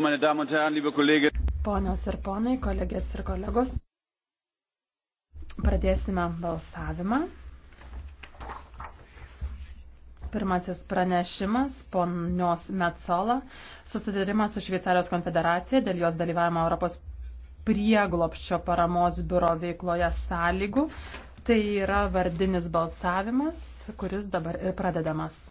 meine damen und herren liebe kolleginnen und kollegen! Ponios ir ponai, kolegės ir kolegos, pradėsime balsavimą. Pirmasis pranešimas ponios Metzola, susidarimas su Šveicarijos konfederacija dėl jos dalyvavimo Europos prieglopščio paramos biuro veikloje sąlygų. Tai yra vardinis balsavimas, kuris dabar ir pradedamas.